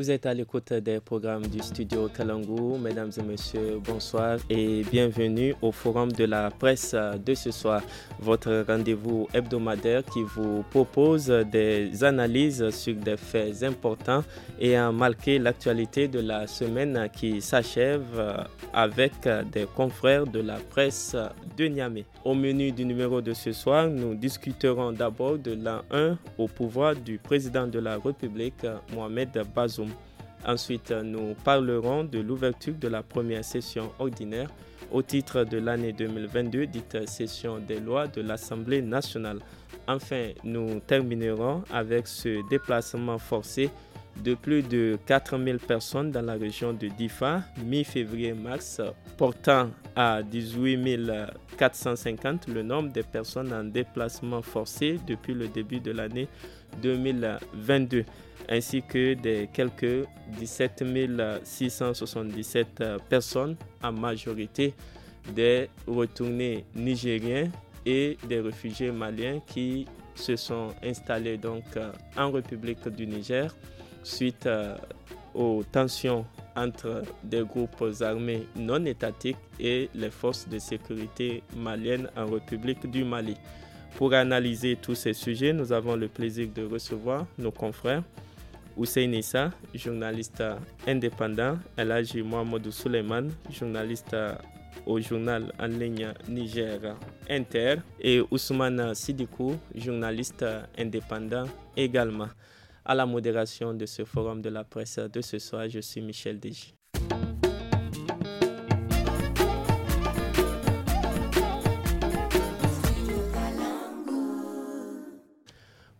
Vous êtes à l'écoute des programmes du studio Kalangu. Mesdames et messieurs, bonsoir et bienvenue au forum de la presse de ce soir. Votre rendez-vous hebdomadaire qui vous propose des analyses sur des faits importants et a marqué l'actualité de la semaine qui s'achève avec des confrères de la presse de Niamey. Au menu du numéro de ce soir, nous discuterons d'abord de l'an 1 au pouvoir du président de la République, Mohamed Bazoum. Ensuite, nous parlerons de l'ouverture de la première session ordinaire au titre de l'année 2022, dite session des lois de l'Assemblée nationale. Enfin, nous terminerons avec ce déplacement forcé de plus de 4000 personnes dans la région de Difa, mi-février-mars, portant à 18 450 le nombre de personnes en déplacement forcé depuis le début de l'année 2022 ainsi que des quelques 17 677 euh, personnes, en majorité des retournés nigériens et des réfugiés maliens qui se sont installés donc euh, en République du Niger suite euh, aux tensions entre des groupes armés non étatiques et les forces de sécurité maliennes en République du Mali. Pour analyser tous ces sujets, nous avons le plaisir de recevoir nos confrères Hussein journaliste indépendant, Elhaji mohamedou Suleiman, journaliste au journal en ligne Niger Inter, et Ousmane Sidikou, journaliste indépendant également. À la modération de ce forum de la presse de ce soir, je suis Michel Deji.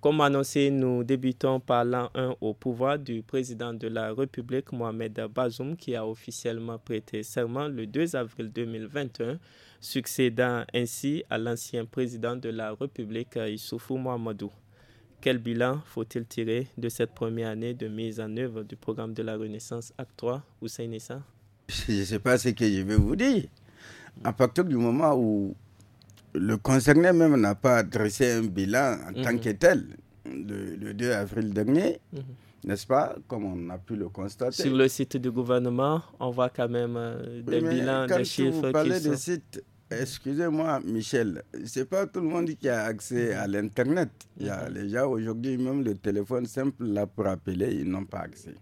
Comme annoncé, nous débutons par l'an 1 au pouvoir du président de la République Mohamed Bazoum qui a officiellement prêté serment le 2 avril 2021, succédant ainsi à l'ancien président de la République Isoufou Mohamedou. Quel bilan faut-il tirer de cette première année de mise en œuvre du programme de la Renaissance Act 3 Hussein Je ne sais pas ce que je vais vous dire. À partir du moment où le concerné même n'a pas dressé un bilan en mhm. tant que tel le, 2 avril dernier, mhm. n'est-ce pas, comme on a pu le constater. Sur le site du gouvernement, on voit quand même euh, des bilans, des chiffres. Vous parlez sites, mhm. excusez-moi Michel, c'est pas tout le monde qui a accès à l'Internet. Il y a les gens aujourd'hui, même le téléphone simple là pour appeler, ils n'ont pas accès.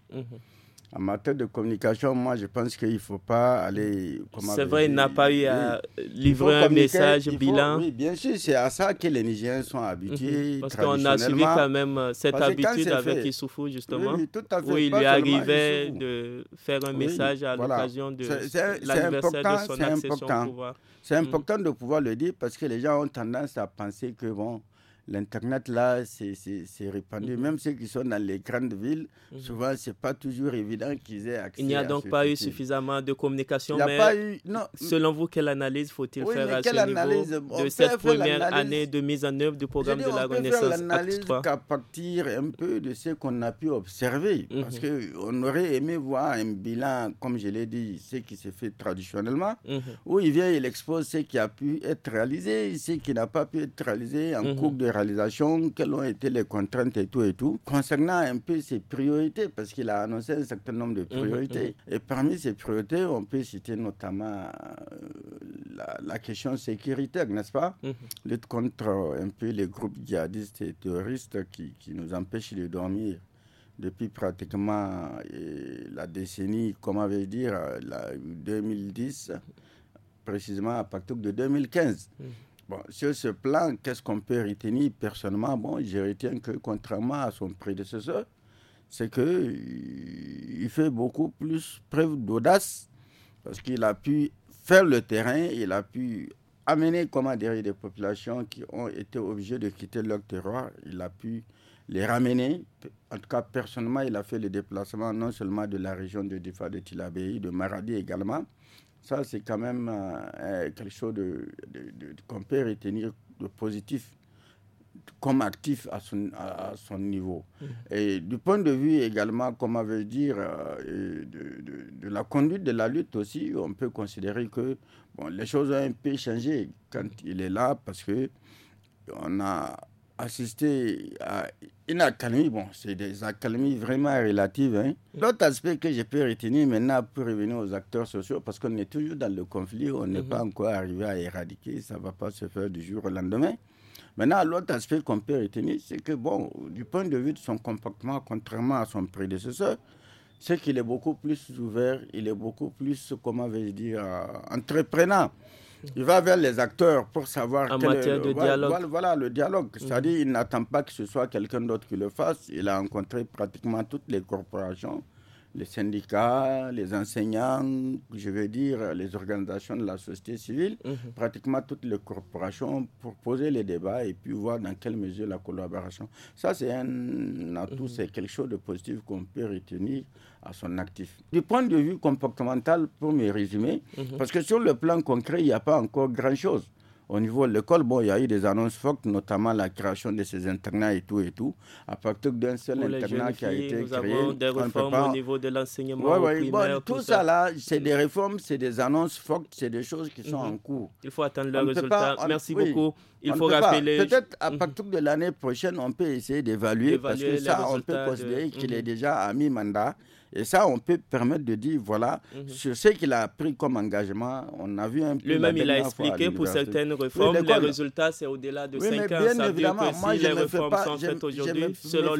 En matière de communication, moi, je pense qu'il ne faut pas aller. C'est vrai, il n'a pas eu à livrer un message bilan. oui, bien sûr, c'est à ça que les Nigériens sont habitués. Mhm. parce qu'on a suivi quand même euh, cette habitude avec Issoufou, justement. Oui, tout à Où il lui arrivait de faire un message à l'occasion de l'anniversaire de son accession au pouvoir. C'est mhm. important de pouvoir le dire parce que les gens ont tendance à penser que, bon, L'Internet, là, c'est répandu. Mhm. Même ceux qui sont dans les grandes villes, mhm. souvent, ce n'est pas toujours évident qu'ils aient accès. Il n'y a donc pas eu suffisamment de communication. Il mais pas eu... non. Selon vous, quelle analyse faut-il faire à ce niveau de cette première année de mise en œuvre du programme de la on Renaissance faire qu'à partir un peu de ce qu'on a pu observer. parce mhm. que Parce qu'on aurait aimé voir un bilan, comme je l'ai dit, ce qui se fait traditionnellement, où il vient, il expose ce qui a pu être réalisé, ce qui n'a pas pu être réalisé en cours de quelles ont été les contraintes et tout et tout, concernant un peu ses priorités, parce qu'il a annoncé un certain nombre de mhm, priorités. Mhm. Et parmi ces priorités, on peut citer notamment euh, la, question sécuritaire, n'est-ce pas mhm. Lutte contre euh, un peu les groupes djihadistes et terroristes qui, nous empêchent de dormir depuis pratiquement euh, la décennie, comment vais-je dire, 2010, précisément à partir de 2015 sur ce plan, qu'est-ce qu'on peut retenir personnellement Bon, je retiens que contrairement à son prédécesseur, c'est qu'il euh, fait beaucoup plus preuve d'audace parce qu'il a pu faire le terrain, il a pu amener comment derrière des populations qui ont été obligées de quitter leur terroir, il a pu les ramener. En tout cas, personnellement, il a fait le déplacement non seulement de la région de Difa de Tilabéi, de Maradi également, ça, c'est quand même euh, euh, quelque chose de, qu'on peut retenir de positif comme actif à son, à, son niveau. Mmh. Et du point de vue également, comme on veut dire, euh, de, la conduite de la lutte aussi, on peut considérer que bon, les choses ont un peu changé quand il est là parce que on a assister à une académie, Bon, c'est des académies vraiment relatives. Hein. L'autre aspect que je peux retenir maintenant pour revenir aux acteurs sociaux, parce qu'on est toujours dans le conflit, on n'est mhm. pas encore arrivé à éradiquer, ça ne va pas se faire du jour au lendemain. Maintenant, l'autre aspect qu'on peut retenir, c'est que, bon, du point de vue de son comportement, contrairement à son prédécesseur, c'est qu'il est beaucoup plus ouvert, il est beaucoup plus, comment vais-je dire, euh, entreprenant. Il va vers les acteurs pour savoir. quel est le, de dialogue. Voilà, le dialogue. Mhm. C'est-à-dire, il n'attend pas que ce soit quelqu'un d'autre qui le fasse. Il a rencontré pratiquement toutes les corporations les syndicats, les enseignants, je veux dire les organisations de la société civile, mhm. pratiquement toutes les corporations pour poser les débats et puis voir dans quelle mesure la collaboration. Ça, c'est un atout, mhm. c'est quelque chose de positif qu'on peut retenir à son actif. Du point de vue comportemental, pour me résumer, mhm. parce que sur le plan concret, il n'y a pas encore grand-chose au niveau de l'école, bon, il y a eu des annonces fortes, notamment la création de ces internats et tout et tout. À partir d'un seul internat qui a été créé, avons des réformes au niveau de l'enseignement Oui, bon, tout, ça. là, c'est des réformes, c'est des annonces fortes, c'est des choses qui sont mhm. en cours. Il faut attendre le résultat. Merci beaucoup. Il faut rappeler. Peut-être à mhm. partir de l'année prochaine, on peut essayer d'évaluer parce que ça, on peut considérer qu'il est mhm. déjà à mi-mandat. Et ça, on peut permettre de dire, voilà, mhm. sur ce qu'il a pris comme engagement, on a vu un peu. Lui-même, il a expliqué pour certaines réformes, les résultats, c'est au-delà de 5 ans. Bien évidemment, moi, je je les fais pas, selon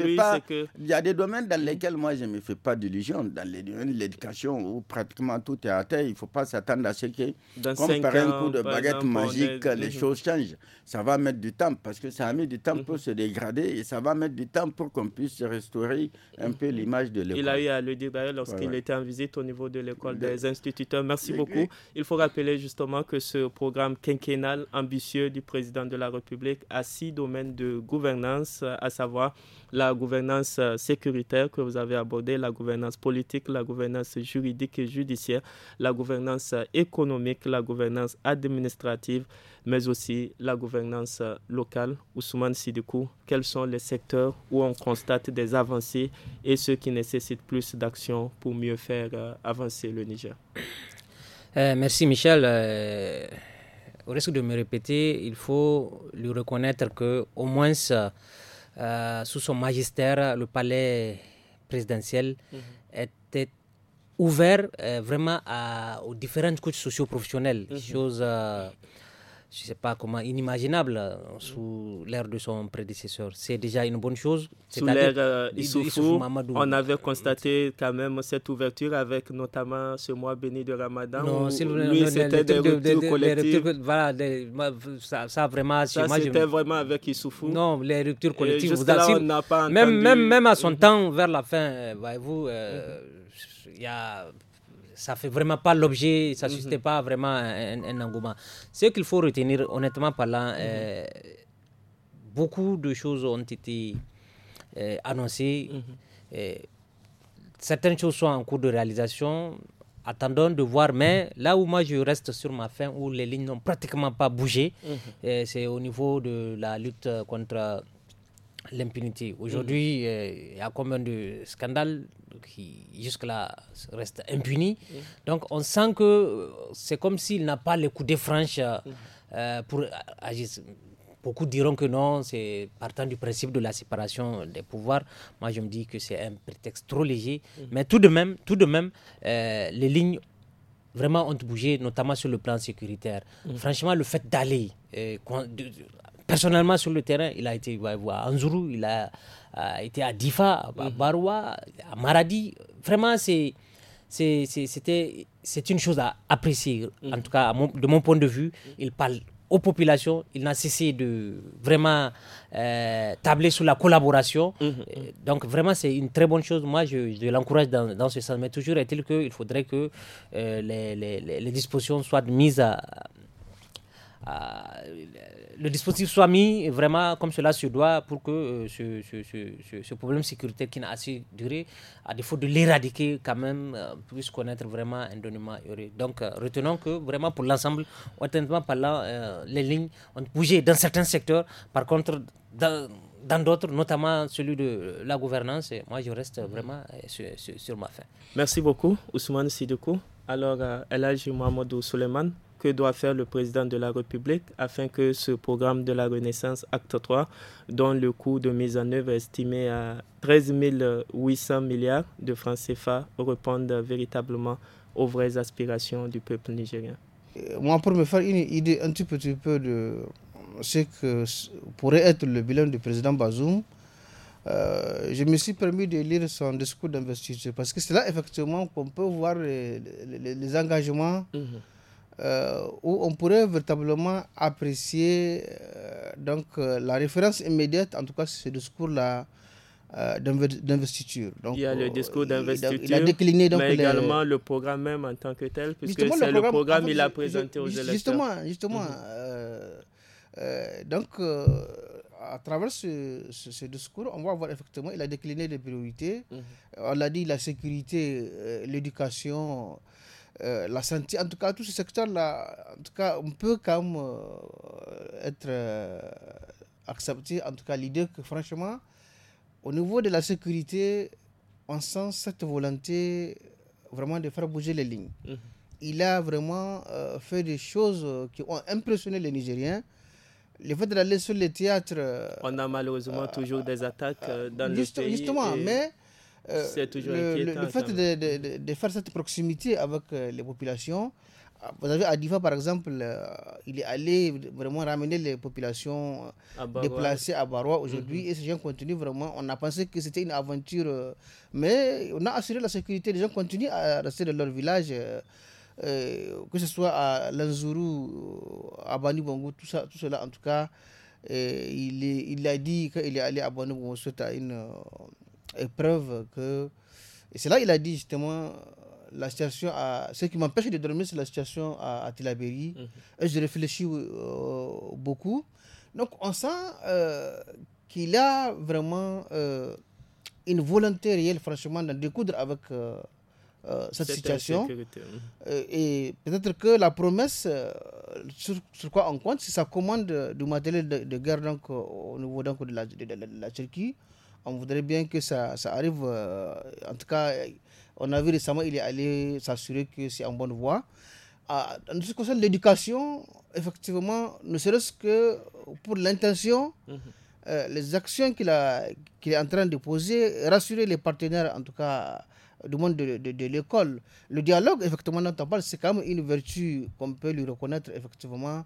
Il y a des domaines dans lesquels moi, je ne me fais pas d'illusion. Dans l'éducation, où pratiquement tout est à terre, il ne faut pas s'attendre à ce que, comme par un coup de baguette magique, les mhm. choses changent. Ça va mettre du temps, parce que ça a mis du temps mhm. pour se dégrader et ça va mettre du temps pour qu'on puisse restaurer un peu l'image de l'école. Il a eu le d'ailleurs lorsqu'il était en visite au niveau de l'école des instituteurs. Merci beaucoup. Il faut rappeler justement que ce programme quinquennal ambitieux du président de la République a six domaines de gouvernance, à savoir la gouvernance euh, sécuritaire que vous avez abordée, la gouvernance politique, la gouvernance juridique et judiciaire, la gouvernance euh, économique, la gouvernance administrative, mais aussi la gouvernance euh, locale. Ousmane Sidikou, quels sont les secteurs où on constate des avancées et ceux qui nécessitent plus d'action pour mieux faire euh, avancer le Niger euh, Merci Michel. au risque de me répéter, il faut lui reconnaître que au moins sous son magistère, le palais présidentiel mhm. était ouvert vraiment à, aux différentes couches socio-professionnelles, mhm. chose je ne sais pas comment, inimaginable euh, sous l'ère de son prédécesseur. C'est déjà une bonne chose. Sous l'ère euh, Issoufou, on avait constaté quand même cette ouverture avec notamment ce mois béni de Ramadan. Non, c'était des ruptures collectives. voilà, ça, vraiment... c'était vraiment avec Issoufou. Non, les ruptures collectives. Vous là, on pas même, Même, à son mhm. temps, vers la fin, euh, voyez-vous, mhm. il y a ça fait vraiment pas l'objet, ça ne mhm. suscite pas vraiment un, engouement. Ce qu'il faut retenir, honnêtement parlant, mhm. euh, beaucoup de choses ont été euh, annoncées. Mhm. Euh, certaines choses sont en cours de réalisation. Attendons de voir, mais là où moi je reste sur ma fin, où les lignes n'ont pratiquement pas bougé, c'est au niveau de la lutte contre l'impunité. Mm. Aujourd'hui, euh, il y a combien de scandales qui jusque-là restent impunis. Mm. Donc on sent que euh, c'est comme s'il n'a pas les coups franches. Euh, mm. pour agir. Beaucoup diront que non, c'est partant du principe de la séparation des pouvoirs. Moi, je me dis que c'est un prétexte trop léger. Mais tout de même, tout de même, les lignes vraiment ont bougé, notamment sur le plan sécuritaire. Franchement, le fait d'aller personnellement sur le terrain, il a été à Anzuru, il a, été à Difa, à mhm. Baroua, à Maradi. Vraiment, c'est c'était c'est une chose à apprécier. Mhm. En tout cas, de mon point de vue, mhm. il parle aux populations. Il n'a cessé de vraiment euh, tabler sur la collaboration. Euh, donc vraiment, c'est une très bonne chose. Moi, je, l'encourage dans, ce sens. Mais toujours est-il qu'il faudrait que euh, les, les, les, dispositions soient mises à, euh, le dispositif soit mis vraiment comme cela se doit pour que euh, ce, ce, ce, ce, problème sécuritaire qui n'a assez duré, à défaut de l'éradiquer quand même, euh, puisse connaître vraiment un donnement Donc retenons que vraiment pour l'ensemble, honnêtement parlant, les lignes ont bougé dans certains secteurs. Par contre, dans d'autres, notamment celui de la gouvernance. Et moi, je reste vraiment sur, ma fin. Merci beaucoup, Ousmane Sidoukou. Alors, Elhaj Mohamedou Suleiman, que doit faire le président de la République afin que ce programme de la Renaissance Acte 3, dont le coût de mise en œuvre est estimé à 13 800 milliards de francs CFA, réponde véritablement aux vraies aspirations du peuple nigérien. Euh, moi, pour me faire une idée un petit peu de ce que pourrait être le bilan du président Bazoum, euh, je me suis permis de lire son discours d'investiture parce que c'est là effectivement qu'on peut voir les, engagements. Mhm. Euh, où on pourrait véritablement apprécier euh, donc, euh, la référence immédiate, en tout cas, ce discours-là d'investiture. Il y a le discours d'investiture, il, a, décliné donc mais également le programme même en tant que tel, puisque c'est le programme, il qu'il a présenté aux électeurs. Justement, justement. Mhm. donc, à travers ce, discours, on va voir effectivement, il a décliné des priorités. Mhm. On l'a dit, la sécurité, l'éducation, euh, la santé, en tout cas, tout ce secteur-là, en tout cas, on peut quand même euh, être euh, accepté, en tout cas, l'idée que, franchement, au niveau de la sécurité, on sent cette volonté vraiment de faire bouger les lignes. Mhm. Il a vraiment fait des choses qui ont impressionné les Nigériens. Le fait d'aller sur les théâtres. On a malheureusement toujours des attaques dans le Justement, mais euh, toujours le, le, fait de, faire cette proximité avec euh, les populations, euh, vous avez Adifa par exemple, il est allé vraiment ramener les populations déplacées à Barois aujourd'hui mhm. et ces gens continuent vraiment. On a pensé que c'était une aventure, mais on a assuré la sécurité. Les gens continuent à rester dans leur village. que ce soit à Lanzuru, à Bani Bongo, tout, ça, tout cela en tout cas, il, il a dit qu'il est allé à Bani Bongo à une, épreuve que. Et c'est là il a dit justement la situation à. Ce qui m'empêche de dormir, c'est la situation à, à Tilaberi. Mhm. Et je réfléchis euh, beaucoup. Donc on sent euh, qu'il a vraiment euh, une volonté réelle, franchement, de découdre avec. Euh, cette, situation et peut-être que la promesse sur, quoi on compte c'est sa commande du matériel de, guerre donc au niveau donc de, la Turquie on voudrait bien que ça, ça arrive. Euh, en tout cas, euh, on a vu récemment, il est allé s'assurer que c'est en bonne voie. en ah, ce qui concerne l'éducation, effectivement, ne serait-ce que pour l'intention, mhm. euh, les actions qu'il qu'il est en train de poser, rassurer les partenaires, en tout cas du monde de, de, l'école. Le dialogue, effectivement, dont on parle, c'est quand même une vertu qu'on peut lui reconnaître, effectivement,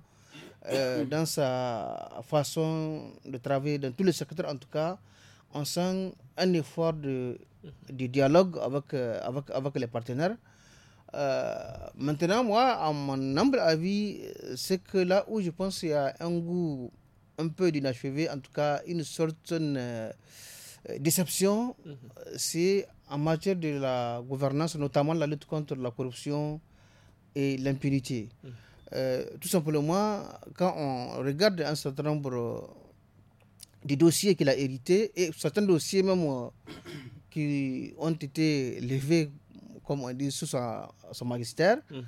dans sa façon de travailler, dans tous les secteurs, en tout cas, on sent un effort de, dialogue avec, euh, avec, avec les partenaires. Euh, maintenant, moi, à mon humble avis, c'est que là où je pense qu'il y a un goût un peu d'inachevé, en tout cas une certaine euh, déception, mhm. c'est en matière de la gouvernance, notamment la lutte contre la corruption et l'impunité. Mhm. tout simplement, quand on regarde un certain nombre des dossiers qu'il a hérités et certains dossiers même euh, qui ont été levés, comme on dit, sous son magistère. Mhm.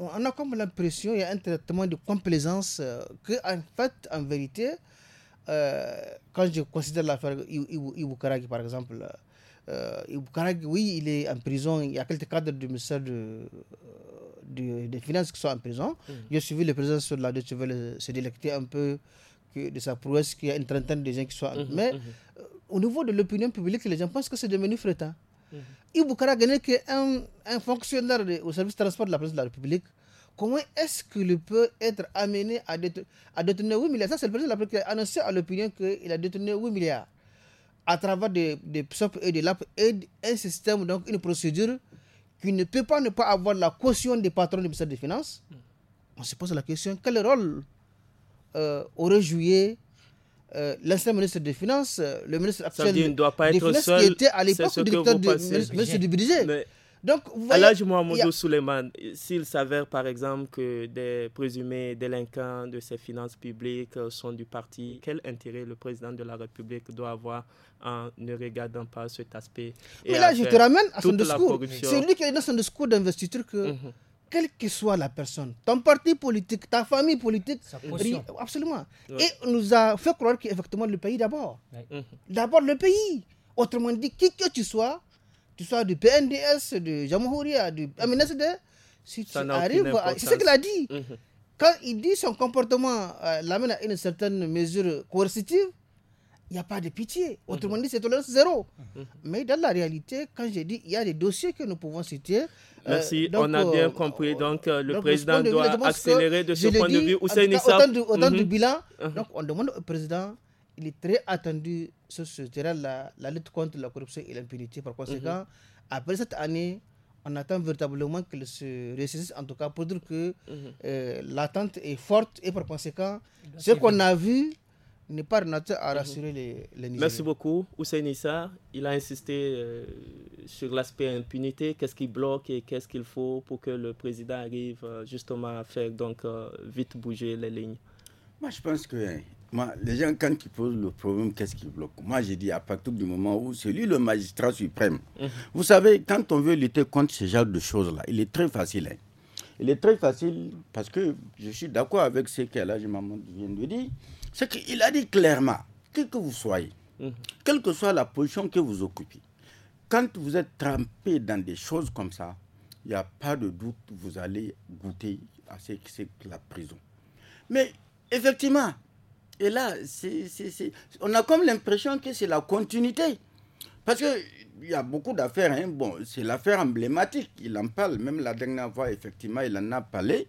On a comme l'impression il y a un traitement de complaisance euh, que, en fait, en vérité, euh, quand je considère l'affaire Ibu par exemple, Ibu oui, il est en prison. Il y a quelques cadres du ministère de, de, des Finances qui sont en prison. Mhm. J'ai suivi le président sur la je veux se délecter un peu de sa prouesse qu'il y a une trentaine de gens qui sont... Mhm, Mais mhm. Euh, au niveau de l'opinion publique, les gens pensent que c'est devenu frétin. Mhm. Iboukara Gane, qui est un, fonctionnaire au service transport de la présidence de la République, comment est-ce qu'il peut être amené à, détenir 8 milliards Ça, c'est le président de la République qui a annoncé à l'opinion qu'il a détenu 8 milliards à travers des, des PSOP et des LAP et un système, donc une procédure qui ne peut pas ne pas avoir la caution des patrons du ministère des Finances. Mm. On se pose la question quel rôle euh, aurait joué euh, l'ancien ministre des Finances, euh, le ministre actuel dire, ne doit pas être seul, qui était à l'époque directeur du ministre, de du Budget. Donc, vous voyez, à Mohamedou a... Souleymane, s'il s'avère par exemple que des présumés délinquants de ces finances publiques euh, sont du parti, quel intérêt le président de la République doit avoir en ne regardant pas cet aspect Mais là, je te ramène à son discours. C'est lui qui a dans son discours d'investiture que. Mhm quelle que soit la personne, ton parti politique, ta famille politique, absolument. Et nous a fait croire qu'effectivement le pays d'abord. Mhm. D'abord le pays. Autrement dit, qui que tu sois, tu sois du PNDS, du Jamhouria, du MNSD, mhm. si tu arrives, c'est ce qu'il a dit. Mhm. Quand il dit son comportement euh, l'amène à une certaine mesure coercitive, il n'y a pas de pitié. Mhm. Autrement dit, c'est tolérance zéro. Mhm. Mais dans la réalité, quand j'ai dit il y a des dossiers que nous pouvons citer. Euh, Merci, on a euh, bien compris. Donc, euh, le président doit accélérer de ce point de vue. Autant, autant, du, autant mhm. bilan, donc on demande au président, il est très attendu sur ce terrain, la, la lutte contre la corruption et l'impunité. Par conséquent, après cette année, on attend véritablement qu'il se réussisse, en tout cas, pour dire que l'attente est forte et par conséquent, ce qu'on a vu n'est pas à mhm. rassurer les, Merci beaucoup. Hussein Issa, il a insisté euh, sur l'aspect impunité. Qu'est-ce qui bloque et qu'est-ce qu'il faut pour que le président arrive euh, justement à faire donc euh, vite bouger les lignes Moi, je pense que hein, moi, les gens, quand ils posent le problème, qu'est-ce qui bloque Moi, j'ai dit à partir du moment où c'est lui le magistrat suprême. Mhm. Vous savez, quand on veut lutter contre ce genre de choses-là, il est très facile. Hein. Il est très facile parce que je suis d'accord avec ce que je vient de dire c'est qu'il a dit clairement, quel que vous soyez, mhm. quelle que soit la position que vous occupez, quand vous êtes trempé dans des choses comme ça, il n'y a pas de doute, vous allez goûter à ce que c'est la prison. Mais effectivement, et là, on a comme l'impression que c'est la continuité. Parce qu'il y a beaucoup d'affaires. Hein. Bon, c'est l'affaire emblématique. Il en parle. Même la dernière fois, effectivement, il en a parlé.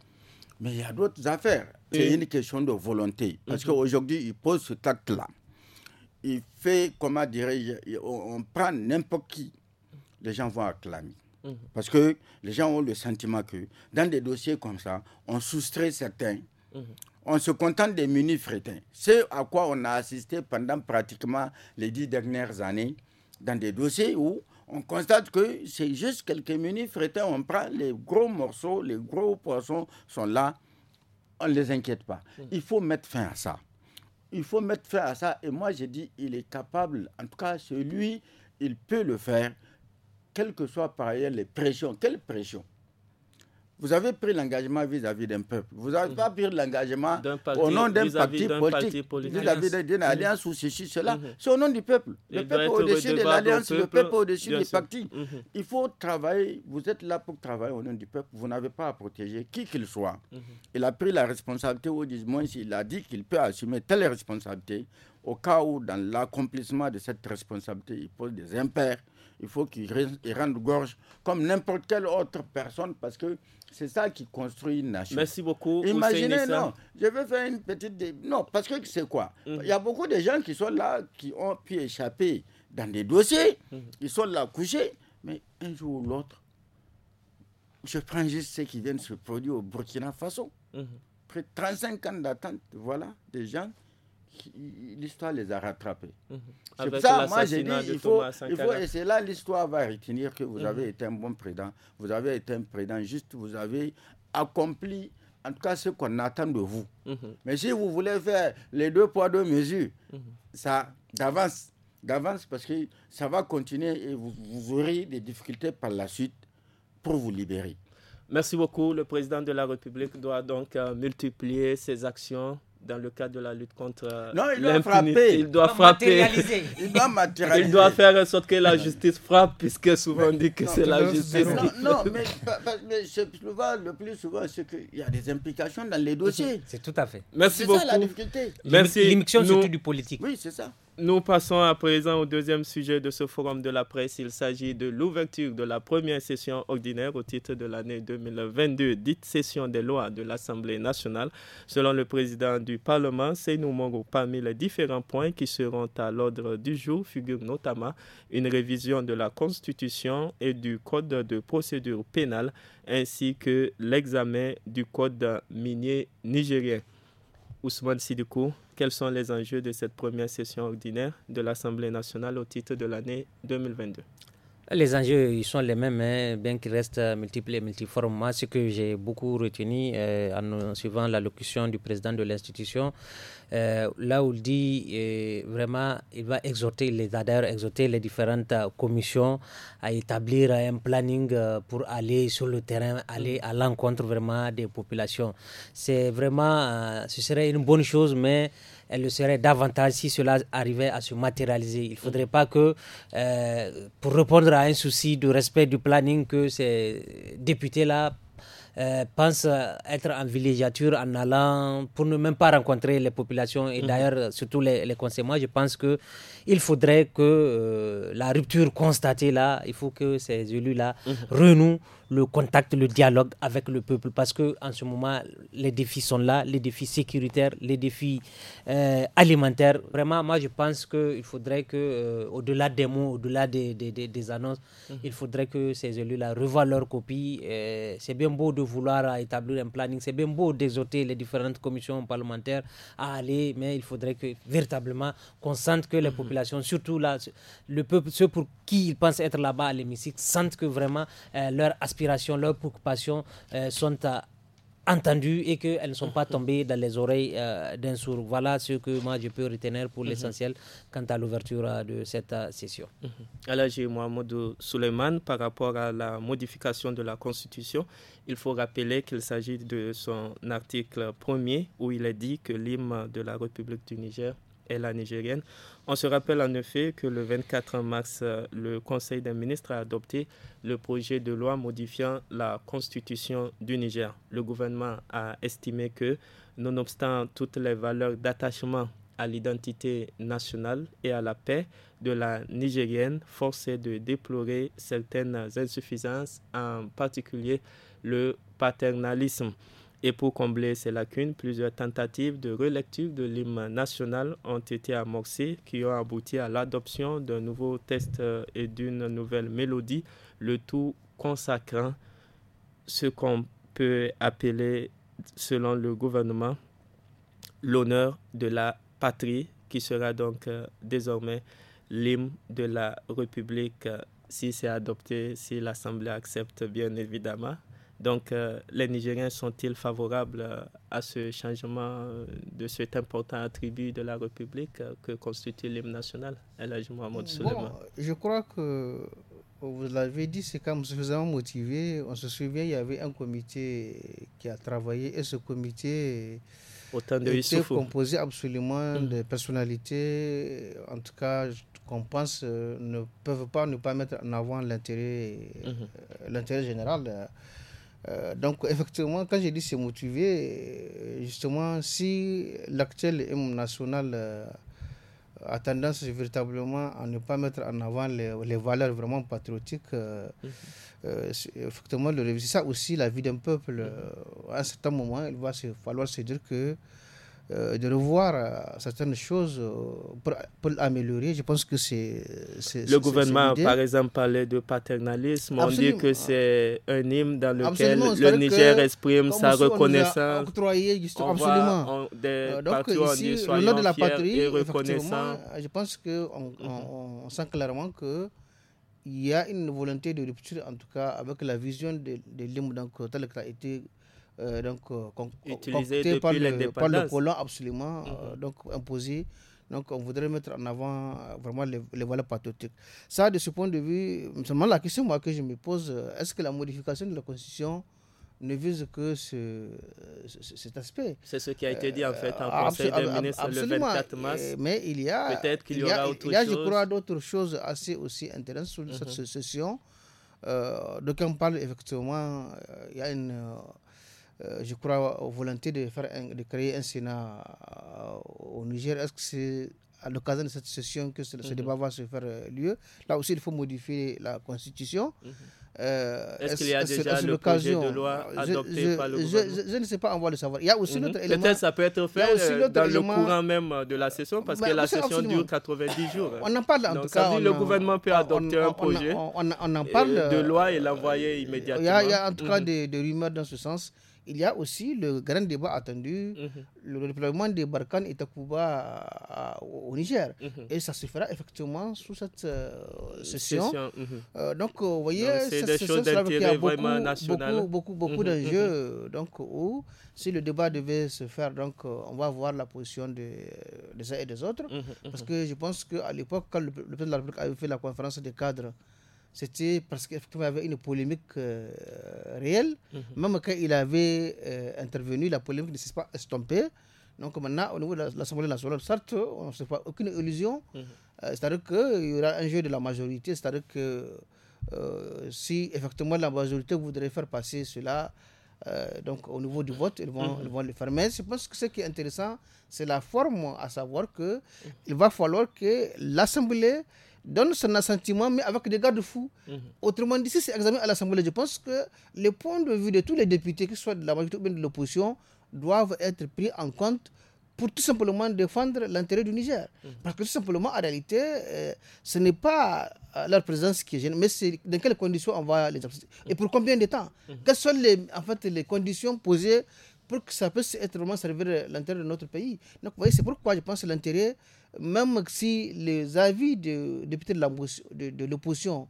Mais il y a d'autres affaires. C'est une question de volonté. Parce mhm. qu'aujourd'hui, il pose ce tact-là. Il fait, comment dirais-je, on, prend n'importe qui. Les gens vont acclamer. Mhm. Parce que les gens ont le sentiment que dans des dossiers comme ça, on soustrait certains. Mhm. On se contente des munis frétins. C'est à quoi on a assisté pendant pratiquement les dix dernières années dans des dossiers où on constate que c'est juste quelques minutes on prend les gros morceaux, les gros poissons sont là, on ne les inquiète pas. Il faut mettre fin à ça. Il faut mettre fin à ça. Et moi, j'ai dit, il est capable, en tout cas, celui, il peut le faire, quelles que soient par ailleurs les pressions. Quelle pression vous avez pris l'engagement vis-à-vis d'un peuple. Vous n'avez mhm. pas pris l'engagement au nom d'un parti politique, vis-à-vis d'une mhm. alliance ou ceci, cela. Mhm. C'est au nom du peuple. Le peuple au-dessus de l'alliance, le peuple au-dessus des partis. Il faut travailler. Vous êtes là pour travailler au nom du peuple. Vous n'avez pas à protéger qui qu'il soit. Il a pris la responsabilité, ou du moins, il a dit qu'il peut assumer telle responsabilité au cas où, dans l'accomplissement de cette responsabilité, il pose des impairs il faut qu'ils rendent gorge comme n'importe quelle autre personne parce que c'est ça qui construit une nation. Merci beaucoup. Imaginez, non, je vais faire une petite. Non, parce que c'est quoi mhm. Il y a beaucoup de gens qui sont là, qui ont pu échapper dans des dossiers, mhm. ils sont là couchés, mais un jour ou l'autre, je prends juste ce qui de se produire au Burkina Faso. Mm 35 ans d'attente, voilà, des gens l'histoire les a rattrapés. Mhm. C'est ça, moi, j'ai dit, il faut, et c'est là l'histoire va retenir que vous mhm. avez été un bon président, vous avez été un président juste, vous avez accompli, en tout cas, ce qu'on attend de vous. Mhm. Mais si vous voulez faire les deux poids, deux mesures, ça, d'avance, d'avance, parce que ça va continuer et vous, aurez des difficultés par la suite pour vous libérer. Merci beaucoup. Le président de la République doit donc euh, multiplier ses actions dans le cadre de la lutte contre euh, l'impunité. Il doit frapper. Il doit frapper. Il doit faire en sorte que la justice frappe, puisque souvent on dit que c'est la justice. Non, non mais, le plus souvent, c'est qu'il y a des implications dans les dossiers. C'est tout à fait. Merci beaucoup. C'est ça la difficulté. Merci. L'immixtion surtout du politique. Oui, c'est ça. Nous passons à présent au deuxième sujet de ce forum de la presse. Il s'agit de l'ouverture de la première session ordinaire au titre de l'année 2022, dite session des lois de l'Assemblée nationale. Selon le président du Parlement, nous Mongo, parmi les différents points qui seront à l'ordre du jour figurent notamment une révision de la Constitution et du Code de procédure pénale, ainsi que l'examen du Code minier nigérien. Ousmane Sidikou, quels sont les enjeux de cette première session ordinaire de l'Assemblée nationale au titre de l'année 2022 les enjeux ils sont les mêmes, hein, bien qu'ils restent multiples et multiformes. Moi, ce que j'ai beaucoup retenu euh, en suivant l'allocution du président de l'institution, euh, là où il dit euh, vraiment, il va exhorter, les adhérents, exhorter les différentes euh, commissions à établir un planning pour aller sur le terrain, aller à l'encontre vraiment des populations. C'est vraiment, ce serait une bonne chose, mais elle le serait davantage si cela arrivait à se matérialiser. Il ne faudrait pas que, pour répondre à un souci de respect du planning, que ces députés-là euh, pense être en villégiature en allant pour ne même pas rencontrer les populations et mhm. d'ailleurs surtout les, les Moi, je pense que il faudrait que euh, la rupture constatée là, il faut que ces élus-là mhm. renouent le contact, le dialogue avec le peuple. Parce que en ce moment, les défis sont là, les défis sécuritaires, les défis euh, alimentaires. Vraiment, moi, je pense qu'il faudrait que, euh, au-delà des mots, au-delà des, annonces, mhm. il faudrait que ces élus-là revoient leur copie. C'est bien beau de vouloir établir un planning, c'est bien beau d'exhorter les différentes commissions parlementaires à aller, mais il faudrait que véritablement qu'on sente que les mhm. populations surtout là, le peuple, ceux pour qui ils pensent être là-bas à l'hémicycle, sentent que vraiment euh, leurs aspirations, leurs préoccupations euh, sont euh, entendues et qu'elles ne sont pas tombées dans les oreilles d'un sourd. Voilà ce que moi je peux retenir pour mhm. l'essentiel quant à l'ouverture de cette session. Mhm. Alors, j'ai Mohamed Souleymane par rapport à la modification de la Constitution, il faut rappeler qu'il s'agit de son article premier où il est dit que l'hymne de la République du Niger est la nigérienne. On se rappelle en effet que le 24 mars, euh, le Conseil des ministres a adopté le projet de loi modifiant la constitution du Niger. Le gouvernement a estimé que, nonobstant toutes les valeurs d'attachement à l'identité nationale et à la paix de la Nigérienne, force est de déplorer certaines insuffisances, en particulier le paternalisme. Et pour combler ces lacunes, plusieurs tentatives de relecture de l'hymne national ont été amorcées qui ont abouti à l'adoption d'un nouveau texte euh, et d'une nouvelle mélodie, le tout consacrant ce qu'on peut appeler, selon le gouvernement, l'honneur de la patrie, qui sera donc euh, désormais l'hymne de la République euh, si c'est adopté, si l'Assemblée accepte bien évidemment. Donc, euh, les Nigériens sont-ils favorables euh, à ce changement euh, de cet important attribut de la République que constitue l'hymne national Je crois que vous l'avez dit, c'est quand même suffisamment motivé. On se souvient, il y avait un comité qui a travaillé et ce comité était composé absolument mm. de personnalités, en tout cas qu'on pense ne peuvent pas ne pas mettre en avant l'intérêt mm-hmm. l'intérêt général. Euh, donc, effectivement, quand j'ai dit c'est motivé, euh, justement, si l'actuel hymne national euh, a tendance véritablement à ne pas mettre en avant les, valeurs vraiment patriotiques, mhm. effectivement, le c'est ça aussi la vie d'un peuple. À un certain moment, il va falloir se dire que euh, de revoir euh, certaines choses euh, pour, pour l'améliorer. Je pense que c'est. Le gouvernement, par exemple, parlait de paternalisme. On dit que c'est un hymne dans lequel le Niger exprime sa reconnaissance. Octroyé, on absolument. On, des donc, ici, le nom de la patrie, je pense qu'on mhm. on, sent clairement que il y a une volonté de rupture, en tout cas, avec la vision de, de l'hymne, donc, a été euh, donc euh, utilisé par, le, par le colon absolument euh, mhm. donc imposé donc on voudrait mettre en avant vraiment les, les valeurs Ça, de ce point de vue, seulement la question moi, que je me pose, est-ce que la modification de la Constitution ne vise que ce, cet aspect. C'est ce qui a été dit en fait en Conseil des ministres le 24 mars. Mais il y a, peut-être qu'il y, aura autre chose. Il y a, je crois, d'autres choses assez aussi intéressantes sur mhm. cette session. Euh, donc on parle effectivement, il y a une euh, je crois, volonté de, faire de créer un Sénat euh, au Niger. Est-ce que c'est à l'occasion de cette session que ce, mhm. débat va se faire euh, lieu Là aussi, il faut modifier la Constitution. Mhm. Est-ce qu'il y a déjà le projet de loi adopté par le gouvernement je, ne sais pas, on va le savoir. Il y a aussi notre mhm. élément. Peut-être ça peut être fait dans le courant même de la session, parce que la session dure 90 ah, jours. Hein. On en parle en tout cas. Dit, le gouvernement peut adopter un projet de loi et l'envoyer immédiatement. Il y, a, en tout cas des rumeurs dans ce sens il y a aussi le grand débat attendu, mhm. le déploiement des Barkhane et Takuba euh, au Niger. Mhm. Et ça se fera effectivement sous cette euh, session. Mhm. Euh, donc, vous voyez, c'est des choses d'intérêt vraiment Beaucoup, beaucoup, d'enjeux. Donc, où, si le débat devait se faire, donc, on va voir la position des, uns et des autres. Parce que je pense qu'à l'époque, quand le, le président de la République avait fait la conférence des cadres, c'était parce qu'il y avait une polémique euh, réelle. Mhm. Même quand il avait euh, intervenu, la polémique ne s'est pas estompée. Donc maintenant, au niveau de l'Assemblée nationale, certes, on ne se fait aucune illusion. Mhm. Euh, c'est-à-dire qu'il y aura un jeu de la majorité. C'est-à-dire que si effectivement la majorité voudrait faire passer cela, donc au niveau du vote, ils vont, mhm. vont le faire. Mais je pense que ce qui est intéressant, c'est la forme, à savoir qu'il il va falloir que l'Assemblée donne son assentiment, mais avec des garde-fous. Mhm. Autrement dit, si c'est examiné à l'Assemblée, je pense que les points de vue de tous les députés, que ce soit de la majorité ou de l'opposition, doivent être pris en compte pour tout simplement défendre l'intérêt du Niger. Mhm. Parce que tout simplement, en réalité, euh, ce n'est pas euh, leur présence qui est mais c'est dans quelles conditions on va les Et pour combien de temps mhm. Quelles sont en fait, les conditions posées pour que ça puisse être vraiment servir l'intérêt de notre pays. Donc, vous voyez, c'est pourquoi je pense que l'intérêt, même si les avis de députés de l'opposition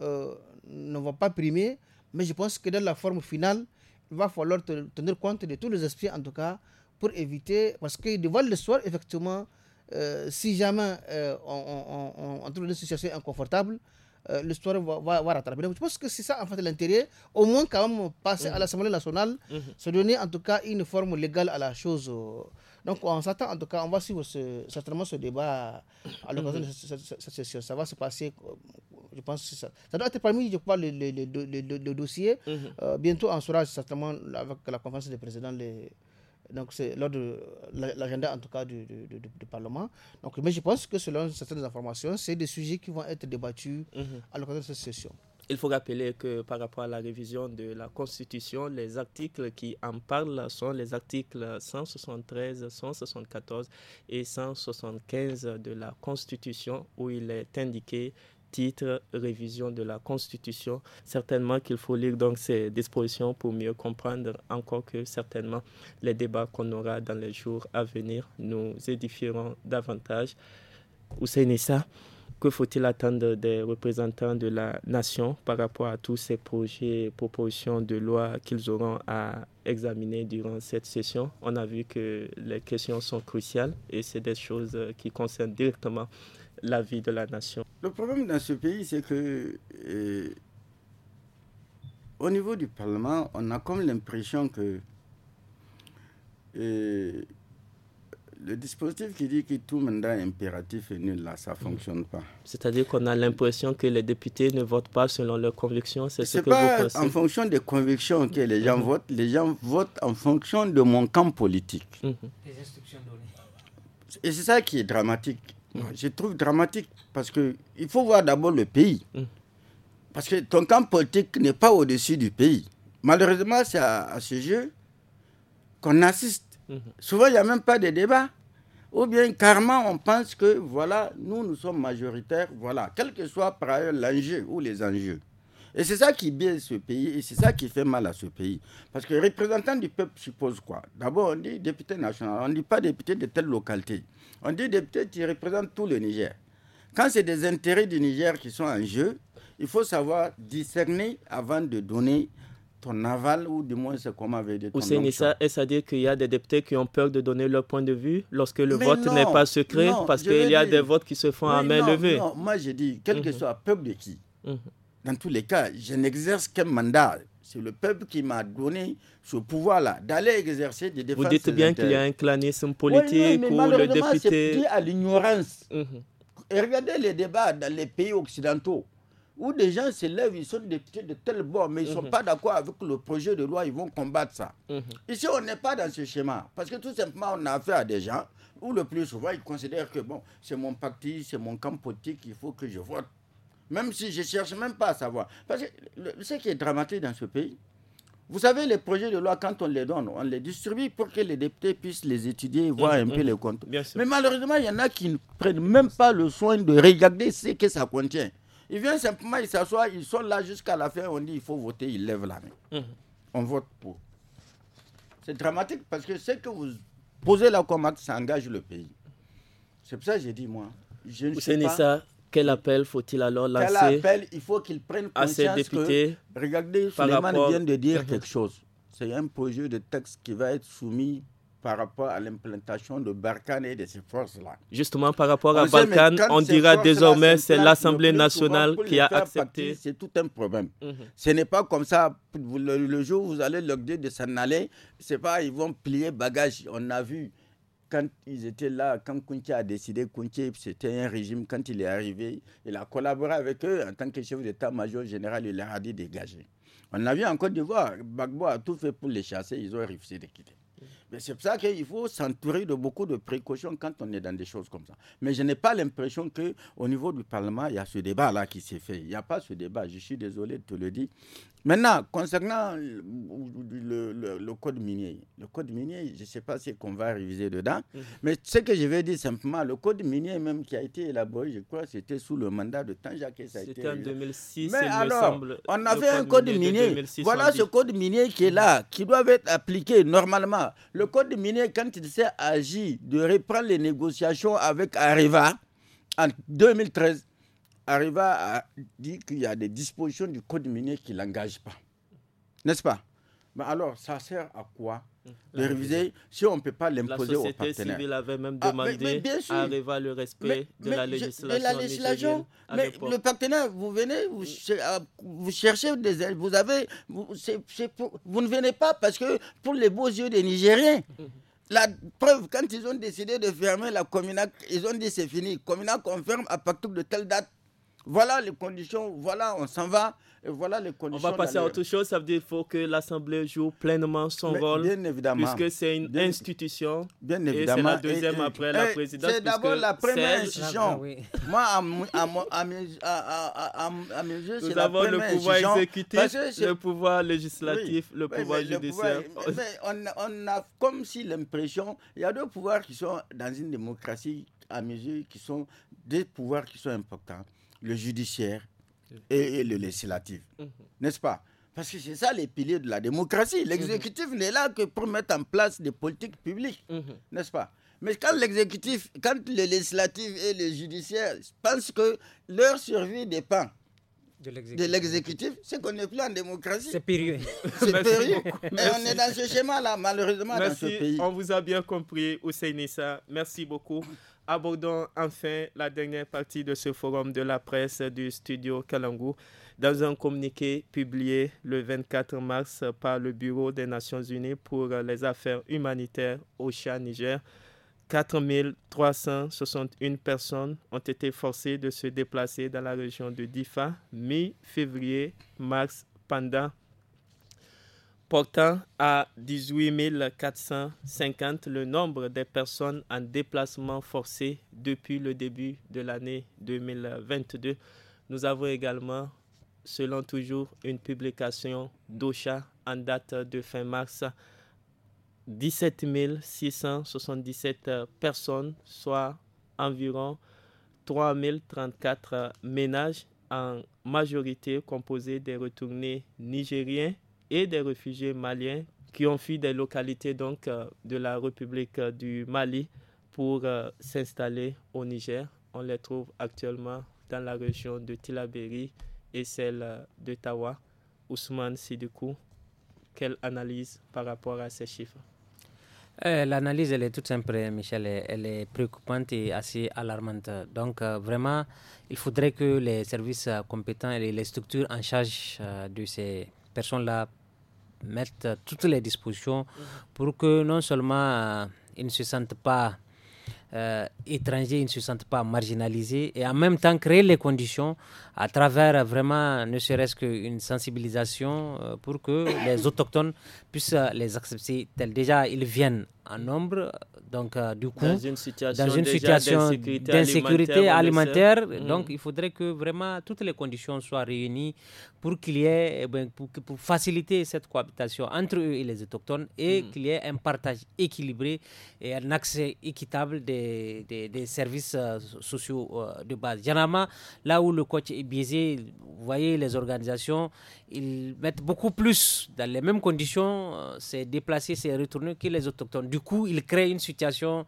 euh, ne vont pas primer, mais je pense que dans la forme finale, il va falloir tenir compte de tous les aspects, en tout cas, pour éviter, parce que voir le soir, effectivement, euh, si jamais euh, on, on, trouve une situation inconfortable, euh, l'histoire va, va, rattraper. Donc, je pense que c'est ça, en fait, l'intérêt. Au moins, quand même, passer à mhm. l'Assemblée nationale, mhm. se donner en tout cas une forme légale à la chose. Donc, on s'attend, en tout cas, on va suivre certainement ce débat à l'occasion de mhm. cette, session. Ça va se passer, euh, je pense, ça. ça doit être parmi, je crois, le, dossier. Euh, bientôt, on sera certainement, avec la conférence des présidents, donc, c'est lors de l'agenda, en tout cas, du, Parlement. Donc, mais je pense que selon certaines informations, c'est des sujets qui vont être débattus mhm. à l'occasion de cette session. Il faut rappeler que par rapport à la révision de la Constitution, les articles qui en parlent sont les articles 173, 174 et 175 de la Constitution où il est indiqué titre Révision de la Constitution. Certainement qu'il faut lire donc ces dispositions pour mieux comprendre, encore que certainement les débats qu'on aura dans les jours à venir nous édifieront davantage. Hussein ça que faut-il attendre des représentants de la nation par rapport à tous ces projets et propositions de loi qu'ils auront à examiner durant cette session On a vu que les questions sont cruciales et c'est des choses qui concernent directement la vie de la nation. Le problème dans ce pays, c'est que eh, au niveau du Parlement, on a comme l'impression que eh, le dispositif qui dit que tout mandat impératif est nul, là, ça ne fonctionne pas. C'est-à-dire qu'on a l'impression que les députés ne votent pas selon leurs convictions, c'est ce que pas vous pensez en fonction des convictions que les gens mhm. votent, les gens votent en fonction de mon camp politique. Mhm. Et c'est ça qui est dramatique. Je trouve dramatique parce qu'il faut voir d'abord le pays. Mm. Parce que ton camp politique n'est pas au-dessus du pays. Malheureusement, c'est à, ce jeu qu'on assiste. Mm-hmm. Souvent, il n'y a même pas de débat. Ou bien, carrément, on pense que, voilà, nous, nous sommes majoritaires, voilà, quel que soit par ailleurs l'enjeu ou les enjeux. Et c'est ça qui biaise ce pays et c'est ça qui fait mal à ce pays. Parce que représentant du peuple suppose quoi D'abord, on dit député national, on ne dit pas député de telle localité. On dit député qui représente tout le Niger. Quand c'est des intérêts du Niger qui sont en jeu, il faut savoir discerner avant de donner ton aval ou du moins c'est comme avait dit. ça est-ce à dire qu'il y a des députés qui ont peur de donner leur point de vue lorsque le vote n'est pas secret parce qu'il y a des votes qui se font à main levée non, Moi, j'ai dit, quel que mhm. soit peuple de qui, mhm. Dans tous les cas, je n'exerce qu'un mandat. C'est le peuple qui m'a donné ce pouvoir-là, d'aller exercer des défenses. Vous dites bien qu'il y a un clanisme politique ou le député. C'est à l'ignorance. Mhm. Et regardez les débats dans les pays occidentaux où des gens se lèvent, ils sont députés de tel bord, mais ils ne sont mhm. pas d'accord avec le projet de loi, ils vont combattre ça. Mhm. Ici, on n'est pas dans ce schéma, parce que tout simplement, on a affaire à des gens où le plus souvent, ils considèrent que, bon, c'est mon parti, c'est mon camp politique, il faut que je vote. Même si je ne cherche même pas à savoir. Parce que ce qui est dramatique dans ce pays, vous savez, les projets de loi, quand on les donne, on les distribue pour que les députés puissent les étudier voir un peu les comptes. Mais malheureusement, il y en a qui ne prennent même pas le soin de regarder ce que ça contient. Ils viennent simplement, ils s'assoient, ils sont là jusqu'à la fin, on dit il faut voter, ils lèvent la main. Hum. On vote pour. C'est dramatique parce que ce que vous posez là comme acte, ça engage le pays. C'est pour ça que j'ai dit, moi, je ne sais pas... Quel appel faut-il alors lancer il faut qu'ils prennent conscience à ces députés que, Regardez, Suleiman vient de dire quelque chose. C'est un projet de texte qui va être soumis par rapport à l'implantation de Barkhane et de ces forces-là. Justement, par rapport à Barkhane, on dira désormais c'est l'Assemblée nationale qui a accepté. C'est tout un problème. Mhm. Ce n'est pas comme ça. Le, le jour où vous allez leur dire de s'en aller, c'est pas ils vont plier bagages. On a vu quand ils étaient là, quand Kounché a décidé, Kounché, c'était un régime, quand il est arrivé, il a collaboré avec eux en tant que chef d'état-major général, il leur a dit dégager. On a vu en Côte d'Ivoire, Bagbo a tout fait pour les chasser, ils ont réussi à quitter c'est pour ça qu'il faut s'entourer de beaucoup de précautions quand on est dans des choses comme ça. Mais je n'ai pas l'impression qu'au niveau du Parlement, il y a ce débat-là qui s'est fait. Il n'y a pas ce débat. Je suis désolé de te le dire. Maintenant, concernant le, code minier, le code minier, je ne sais pas si qu'on va réviser dedans, mhm. mais ce que je vais dire simplement, le code minier même qui a été élaboré, je crois, c'était sous le mandat de Tanjak. C'était en 2006, mais alors, me semble. On avait un code minier. voilà ce code minier qui est là, qui doit être appliqué normalement. Le code minier, quand il s'est agi de reprendre les négociations avec Arriva en 2013, Arriva a dit qu'il y a des dispositions du code minier qui ne l'engagent pas. N'est-ce pas mais alors, ça sert à quoi hmm. de réviser si on ne peut pas l'imposer au partenaires La société avait même ah, demandé le respect de, la de, législation Mais le partenaire, vous venez, hmm. vous, cherchez des ailes, vous avez... Vous, ne venez pas parce que pour les beaux yeux des Nigériens... Hmm. La preuve, quand ils ont décidé de fermer la commune ils ont dit c'est fini. communac confirme ferme à partir de telle date. Voilà les conditions, voilà, on s'en va voilà les conditions. On va passer à autre chose. Ça veut dire qu'il faut que l'Assemblée joue pleinement son rôle. Bien évidemment. Puisque c'est une institution. Bien évidemment. Et c'est la deuxième après la présidence. C'est d'abord la première institution. Moi, à, mes yeux, c'est la première institution. Nous avons le pouvoir exécutif, le pouvoir législatif, le pouvoir judiciaire. on, a comme si l'impression, il y a deux pouvoirs qui sont dans une démocratie à mes yeux, qui sont des pouvoirs qui sont importants. Le judiciaire et, le législatif. Mhm. N'est-ce pas Parce que c'est ça les piliers de la démocratie. Mhm. L'exécutif n'est là que pour mettre en place des politiques publiques. Mhm. N'est-ce pas mais quand l'exécutif, quand le législatif et le judiciaire pensent que leur survie dépend de l'exécutif, c'est qu'on n'est plus en démocratie. C'est périlleux. C'est périlleux. Et on est dans ce schéma-là, malheureusement, dans ce pays. On vous a bien compris, Oussé Merci beaucoup. Abordons enfin la dernière partie de ce forum de la presse du studio Kalangu. Dans un communiqué publié le 24 mars par le Bureau des Nations Unies pour les affaires humanitaires au Chat Niger, 361 personnes ont été forcées de se déplacer dans la région de Difa mi-février-mars pendant portant à 18 450 le nombre des personnes en déplacement forcé depuis le début de l'année 2022. Nous avons également, selon toujours une publication d'OCHA en date de fin mars, 17 677 personnes, soit environ 3034 ménages en majorité composés des retournés nigériens et des réfugiés maliens qui ont fui des localités donc, euh, de la République euh, du Mali pour euh, s'installer au Niger. On les trouve actuellement dans la région de Tilaberi et celle de Tawa. Ousmane coup quelle analyse par rapport à ces chiffres L'analyse, elle est toute simple, hein, Michel. Elle est préoccupante et assez alarmante. Donc, vraiment, il faudrait que les services compétents et les structures en charge de ces personne-là mettent toutes les dispositions pour que non seulement euh, ils ne se sentent pas euh, étrangers, ils ne se sentent pas marginalisés et en même temps créer les conditions à travers vraiment ne serait-ce qu'une sensibilisation euh, pour que les autochtones puissent les accepter tels. Déjà, ils viennent en nombre. Donc, euh, du coup, dans une situation, d'insécurité alimentaire, donc mm. il faudrait que vraiment toutes les conditions soient réunies pour qu'il y ait, eh ben, pour, pour, faciliter cette cohabitation entre eux et les autochtones et mm. qu'il y ait un partage équilibré et un accès équitable des, des, services euh, sociaux euh, de base. Généralement, là où le coach est biaisé, vous voyez, les organisations, ils mettent beaucoup plus dans les mêmes conditions, c'est déplacer, c'est retourner que les autochtones. Du du coup, il crée une situation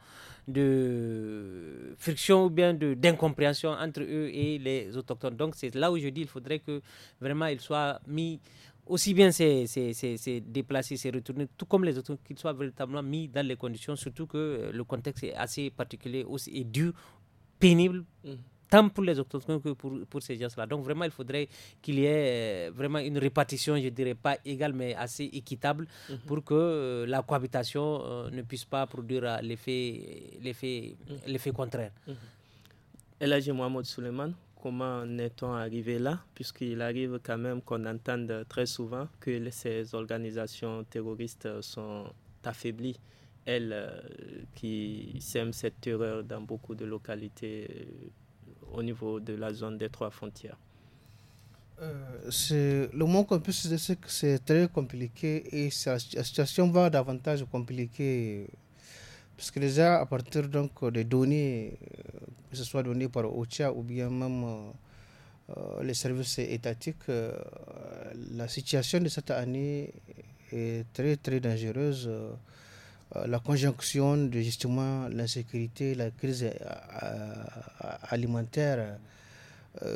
de friction ou bien d'incompréhension entre eux et les autochtones. Donc c'est là où je dis qu'il faudrait que vraiment ils soient mis, aussi bien ces, se déplacés, ces retournés, tout comme les autochtones, qu'ils soient véritablement mis dans les conditions, surtout que euh, le contexte est assez particulier aussi, et dur, pénible. Mmh tant pour les autochtones que pour, pour ces gens-là. Donc vraiment, il faudrait qu'il y ait euh, vraiment une répartition, je dirais pas égale, mais assez équitable mhm. pour que euh, la cohabitation euh, ne puisse pas produire l'effet l'effet mhm. contraire. Et là, j'ai Mohamed Souleymane comment est-on arrivé là Puisqu'il arrive quand même qu'on entende très souvent que ces organisations terroristes sont affaiblies. Elles qui sèment cette terreur dans beaucoup de localités au niveau de la zone des trois frontières euh, le moins qu'on puisse dire, c'est que c'est très compliqué et la situation va davantage compliquer. Parce que déjà, à partir donc, des données, euh, que ce soit données par OCHA ou bien même euh, euh, les services étatiques, la situation de cette année est très, très dangereuse. Euh, la conjonction de justement l'insécurité, la crise euh, euh, alimentaire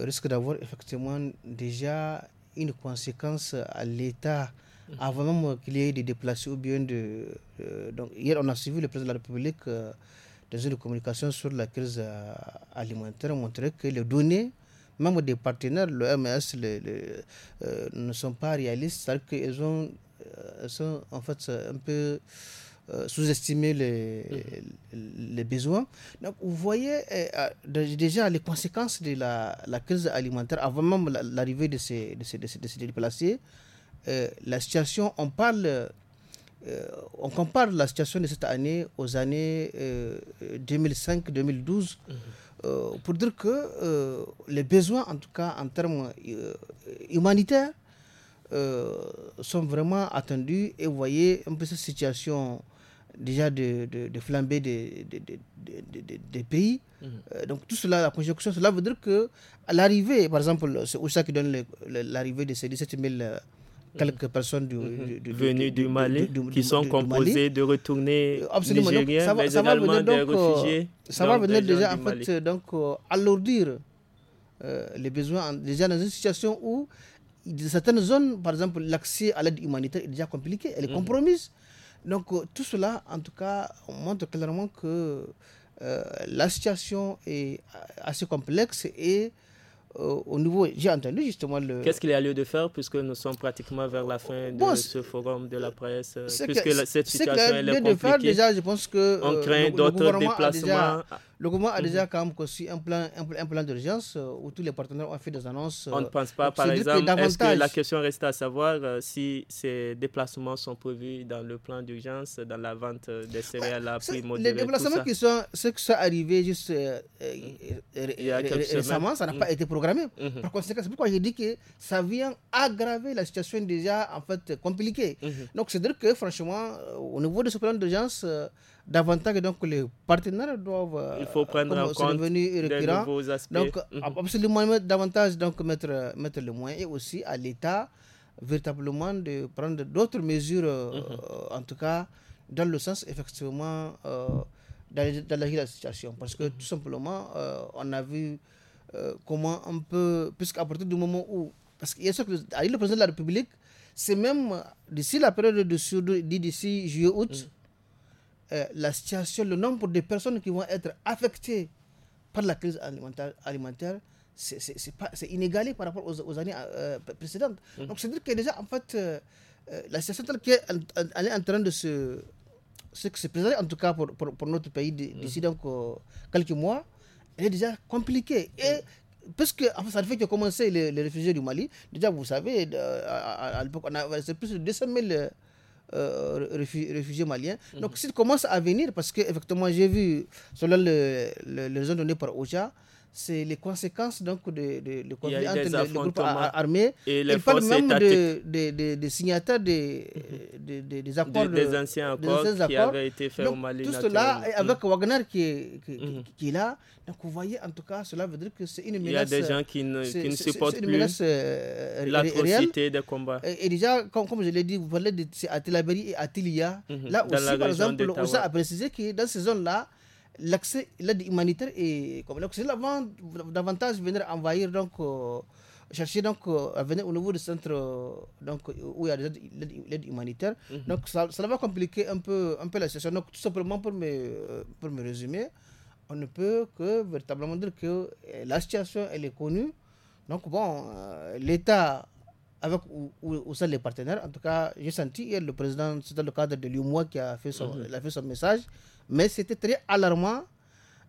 risque d'avoir effectivement déjà une conséquence à l'État avant même qu'il y ait des déplacés de... donc hier, on a suivi le président de la République dans une communication sur la crise alimentaire montrer que les données même des partenaires, le l'OMS, ne sont pas réalistes, c'est-à-dire qu'elles sont en fait un peu euh, sous-estimer mhm. les, besoins. Donc, vous voyez euh, euh, déjà les conséquences de la, crise alimentaire avant même l'arrivée de ces, de, ces, de, ces, déplacés. la situation, on parle, on compare la situation de cette année aux années 2005-2012. Mhm. pour dire que les besoins, en tout cas en termes humanitaires, sont vraiment attendus et vous voyez un peu cette situation déjà de, de, flamber des pays mhm. euh, donc tout cela, la conjonction, cela veut dire que à l'arrivée, par exemple, c'est ça qui donne l'arrivée de ces 17 000 euh, mhm. quelques personnes du, mhm. venues du, Mali qui sont composées de retourner euh, Absolument. ça va, mais ça va venir, donc, réfugiés. Ça va venir déjà en fait donc alourdir les besoins déjà dans une situation où dans certaines zones, par exemple, l'accès à l'aide humanitaire est déjà compliqué, elle est compromise. Donc euh, tout cela, en tout cas, montre clairement que euh, la situation est assez complexe et euh, au niveau, j'ai entendu justement le... Qu'est-ce qu'il y a lieu de faire puisque nous sommes pratiquement vers la fin de ce forum de la presse, puisque que, cette situation est, compliquée. déjà, je pense que, On craint d'autres déplacements. Le gouvernement a déjà quand même conçu un plan, un, plan d'urgence euh, où tous les partenaires ont fait des annonces. On ne euh, pense pas, par exemple, est-ce que la question reste à savoir euh, si ces déplacements sont prévus dans le plan d'urgence, dans la vente des céréales à prix modéré Les déplacements qui sont, qui arrivés juste récemment, ça n'a pas mhm. été programmé. Mhm. Par conséquent, c'est pourquoi j'ai dit que ça vient aggraver la situation déjà en fait compliquée. Mhm. Donc, c'est-à-dire que franchement, au niveau de ce plan d'urgence, davantage donc les partenaires doivent euh, il faut prendre en compte des nouveaux aspects. donc mhm. absolument davantage donc mettre mettre le moyen et aussi à l'État véritablement de prendre d'autres mesures euh, mhm. euh, en tout cas dans le sens effectivement à la situation parce que mhm. tout simplement on a vu comment on peut à partir du moment où parce qu'il y a ce que le président de la République c'est même d'ici la période de d'ici juillet août euh, la situation, le nombre de personnes qui vont être affectées par la crise alimentaire, alimentaire c'est inégalé par rapport aux, années euh, précédentes. Mmh. Donc, c'est-à-dire que déjà, en fait, euh, la situation qui est en train de se, se présenter, en tout cas pour, pour, notre pays d'ici mmh. quelques mois, elle est déjà compliquée. Et mmh. parce que fait, ça fait que commencé les, réfugiés du Mali, déjà vous savez, à, à l'époque, on avait plus de 200 000 euh, réfugiés, maliens. Mhm. donc si Donc, commences à venir, parce que effectivement, j'ai vu, selon les le, le, les données par OJA, c'est les conséquences donc de, de, conflit entre les, groupes armés. Et les Il parle même des de, de, signataires des, des accords. des anciens accords, qui avaient été faits au Mali. Tout cela avec mm. Wagner qui est, qui, mm. là. Donc vous voyez, en tout cas, cela veut dire que c'est une menace. Il y a des gens qui ne, qui ne supportent plus euh, l'atrocité des combats. Et, déjà, comme, je l'ai dit, vous parlez de Atilaberi et Atilia. Mm-hmm. Là aussi, par exemple, on a précisé que dans ces zones-là, l'accès, l'aide humanitaire est comme donc cela va davantage venir envahir donc euh, chercher donc euh, à venir au niveau du centre euh, donc où il y a l'aide humanitaire. Mhm. Donc ça, va compliquer un peu un peu la situation. Donc tout simplement pour me pour me résumer, on ne peut que véritablement dire que eh, la situation elle est connue. Donc bon, l'État avec ou, ou, les partenaires, en tout cas, j'ai senti le président, c'était le cadre de l'UMOA qui a fait son, mhm. a fait son message. Mais c'était très alarmant.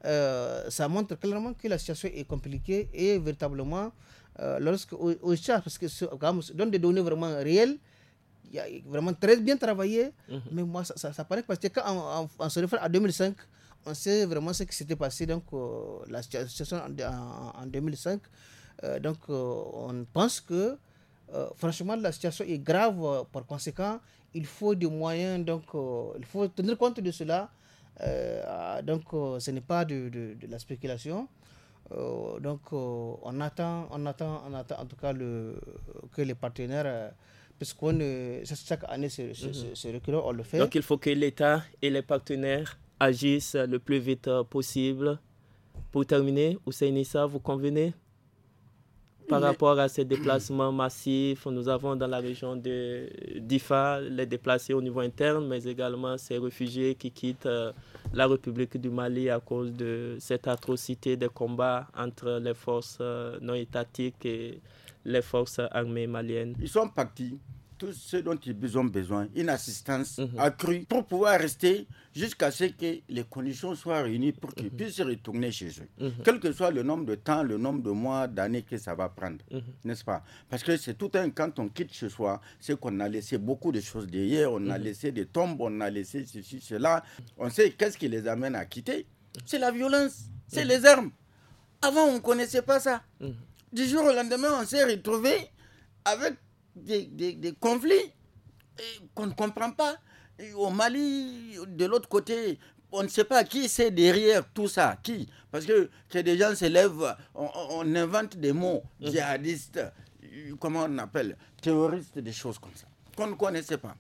Euh, ça montre clairement que la situation est compliquée et véritablement, euh, lorsque au, parce que ce, donne des données vraiment réelles, il y a vraiment très bien travaillé, mhm. mais moi, ça, ça, paraît parce que quand se réfère à 2005, on sait vraiment ce qui s'était passé, donc euh, la situation en, 2005. donc, on pense que, franchement, la situation est grave. par conséquent, il faut des moyens, donc il faut tenir compte de cela euh, ah, donc, euh, ce n'est pas de, de, la spéculation. Euh, donc, on attend, on attend, on attend en tout cas le, que les partenaires puisqu'on chaque année c'est ce, mhm. on le fait. Donc il faut que l'État et les partenaires agissent le plus vite possible. Pour terminer, Nissa, vous convenez par rapport à ces déplacements massifs. Nous avons dans la région de d'Ifa les déplacés au niveau interne, mais également ces réfugiés qui quittent euh, la République du Mali à cause de cette atrocité des combats entre les forces euh, non étatiques et les forces armées maliennes. Ils sont partis tout ce dont ils ont besoin, une assistance mhm. accrue pour pouvoir rester jusqu'à ce que les conditions soient réunies pour qu'ils mhm. puissent retourner chez eux. Mhm. Quel que soit le nombre de temps, le nombre de mois, d'années que ça va prendre, n'est-ce pas Parce que c'est tout un, quand on quitte chez soi, c'est qu'on a laissé beaucoup de choses derrière, on a laissé des tombes, on a laissé ceci, cela. On sait qu'est-ce qui les amène à quitter. C'est la violence, c'est les armes. Avant, on ne connaissait pas ça. Du jour au lendemain, on s'est retrouvé avec des, conflits qu'on ne comprend pas. au Mali, de l'autre côté, on ne sait pas qui c'est derrière tout ça, qui. Parce que, des gens s'élèvent, on, invente des mots, mm. djihadistes, comment on appelle, terroristes, des choses comme ça, qu'on ne connaissait pas.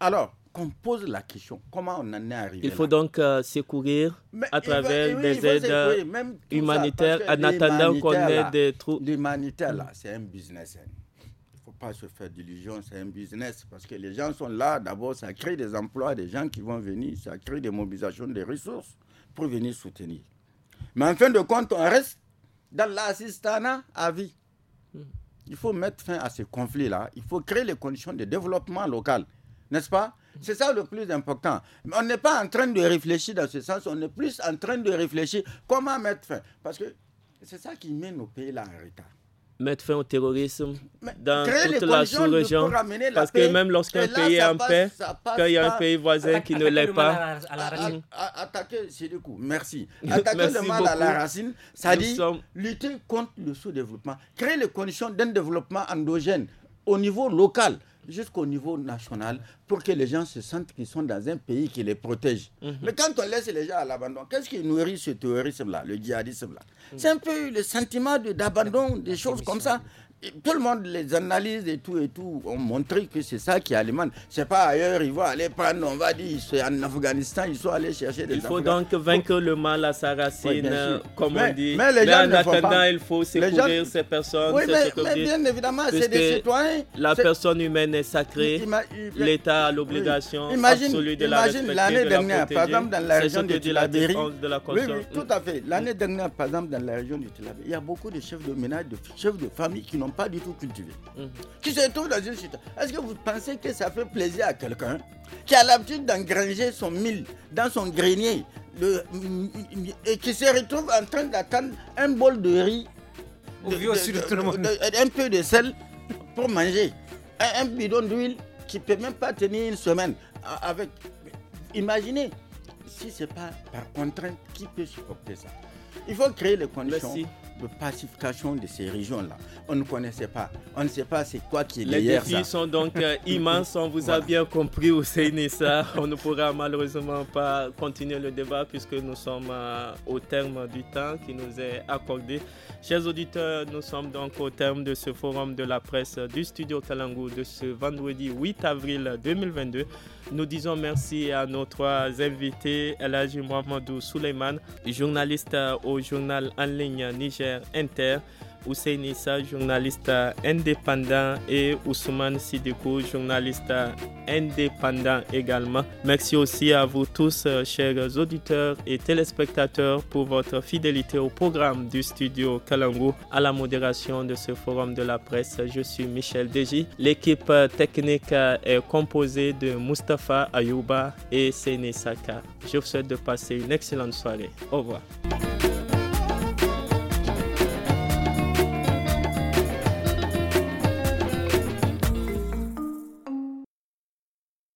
Alors, qu'on pose la question, comment on en est arrivé Il faut donc euh, secourir à travers des aides euh, humanitaires en attendant qu'on ait des trous. L'humanitaire, là, mm. c'est un business. Hein faut pas se faire d'illusions, c'est un business parce que les gens sont là. D'abord, ça crée des emplois, des gens qui vont venir, ça crée des mobilisations, des ressources pour venir soutenir. Mais en fin de compte, on reste dans l'assistanat à vie. Hmm. Il faut mettre fin à ces conflits-là. Il faut créer les conditions de développement local. N'est-ce pas hmm. C'est ça le plus important. Mais On n'est pas en train de réfléchir dans ce sens. On est plus en train de réfléchir comment mettre fin. Parce que c'est ça qui mène nos pays là en retard mettre fin au terrorisme dans toute la sous-région. Parce que même lorsqu'un pays est en paix, quand il y a un pays voisin qui ne l'est pas. attaquer, c'est du coup, merci. Attaquer le mal à la racine, ça dit lutter contre le sous-développement, créer les conditions d'un développement endogène au niveau local jusqu'au niveau national pour que les gens se sentent qu'ils sont dans un pays qui les protège. Mhm. Mais quand on laisse les gens à l'abandon, qu'est-ce qui nourrit ce terrorisme-là, le djihadisme-là C'est un peu le sentiment d'abandon, des choses comme ça tout le monde, les analyses et tout et tout, ont montré que c'est ça qui alimente. C'est pas ailleurs, ils vont aller prendre, on va dire, c'est en Afghanistan, ils sont allés chercher des Il faut donc vaincre le mal à sa racine, comme on dit. Mais, les en attendant, il faut secourir ces personnes. Oui, mais, bien évidemment, c'est des citoyens. La personne humaine est sacrée. L'État a l'obligation absolue de la respecter. Imagine l'année dernière, par exemple, dans la région de la Oui, oui, tout à fait. L'année dernière, par exemple, dans la région de Tilabéry, il y a beaucoup de chefs de ménage, de chefs de famille qui n'ont pas du tout cultivés, mmh. qui se trouve dans une situation. Est-ce que vous pensez que ça fait plaisir à quelqu'un qui a l'habitude d'engranger son mille dans son grenier de, et qui se retrouve en train d'attendre un bol de riz, un peu de sel pour manger, un, bidon d'huile qui ne peut même pas tenir une semaine avec. Imaginez si ce n'est pas par contrainte qui peut supporter ça. Il faut créer les conditions. Merci de pacification de ces régions-là. On ne connaissait pas. On ne sait pas c'est quoi qui est Les derrière ça. Les défis sont donc euh, immenses. On vous a bien compris au ça. On ne pourra malheureusement pas continuer le débat puisque nous sommes euh, au terme du temps qui nous est accordé. Chers auditeurs, nous sommes donc au terme de ce forum de la presse du studio Talangou de ce vendredi 8 avril 2022. Nous disons merci à nos trois invités, Elhaji Mohamedou Souleyman, journaliste euh, au journal en ligne Niger Inter, Nissa, journaliste indépendant, et Ousmane Sidiko, journaliste indépendant également. Merci aussi à vous tous, euh, chers auditeurs et téléspectateurs, pour votre fidélité au programme du studio Kalangu à la modération de ce forum de la presse. Je suis Michel Deji. L'équipe technique euh, est composée de Mustapha Ayouba et Saka. Je vous souhaite de passer une excellente soirée. Au revoir.